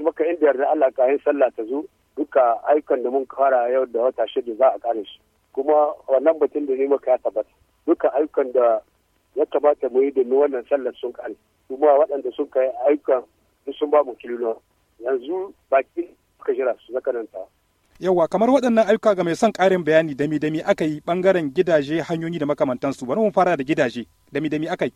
ce maka inda yarda Allah yi sallah ta zo duka aikan da mun fara yau da wata shida za a kare shi kuma wannan batun da ne maka ya tabbata duka aikan da ya kamata mu yi da domin wannan sallar sun kare kuma waɗanda sun kai ayyukan sun ba mu kilo yanzu baki ka jira su ta yawa kamar waɗannan ayyuka ga mai son ƙarin bayani dami-dami aka yi ɓangaren gidaje hanyoyi da makamantansu bari mu fara da gidaje dami-dami aka yi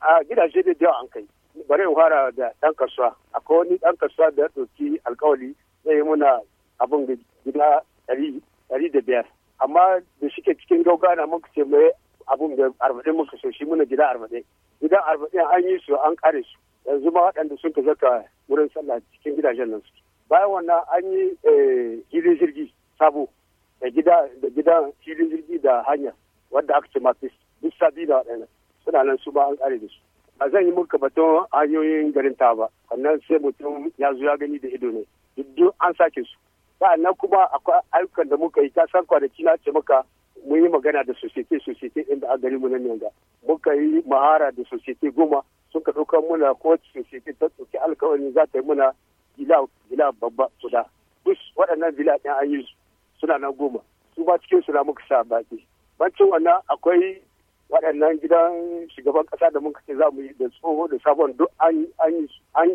a gidaje da yawa an kai bari in fara da ɗan kasuwa ko ni ɗan kasuwa da ya ɗauki alkawali zai yi muna abin gida ɗari da biyar amma da shike cikin gaugana muka ce mai abin da arba'in muka so shi muna gida arba'in gida arba'in an yi su an kare su yanzu ma waɗanda sun ka zaka wurin sallah cikin gidajen nan su bayan wannan an yi gidan eh, jirgi sabo da gida da gidan filin jirgi da hanya wadda aka ce mafis duk sabi da waɗannan suna nan su ba an kare da su ba zan yi muka batun hanyoyin garin ta ba wannan sai mutum ya zo ya gani da ido ne duk an sake su sa'annan kuma akwai ayyukan da muka yi ta san kwanaki na ce muka mun yi magana da societe societe inda a gari mu nan yanga muka yi mahara da societe goma sun ka ɗaukar muna ko societe ta ɗauki alkawarin za ta yi muna gila gila babba guda duk waɗannan gila ɗin an yi suna nan goma su ba cikin na muka sa baki bancin wannan akwai waɗannan gidan shugaban ƙasa da muka ce za mu yi da tsoho da sabon duk an yi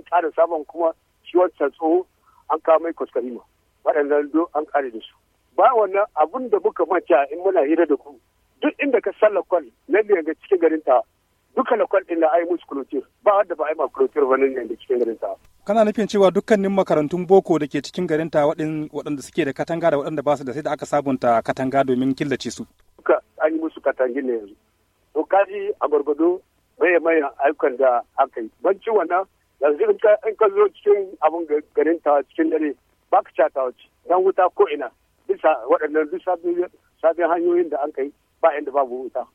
ƙara sabon kuma shi wancan tsoho an kawo mai kuskarima waɗannan duk an ƙare da su ba wannan abun da muka manta in muna hira da ku duk inda ka san lakwal na daga cikin garin ta duka lakwal ɗin da ai musu kulotir ba wanda ba yi ma kulotir ba nan da cikin garin ta kana nufin cewa dukkanin makarantun boko da ke cikin garin ta waɗanda suke da katanga da waɗanda ba su da sai da aka sabunta katanga domin killace su duka an yi musu katangin ne yanzu to kaji a gwargwado maye mayan aikon da aka yi banci wannan yanzu in ka zo cikin abin garin ta cikin dare ba ka ca tawa dan wuta ko ina bisa waɗannan duk sabbin hanyoyin da an kai ba inda babu wuta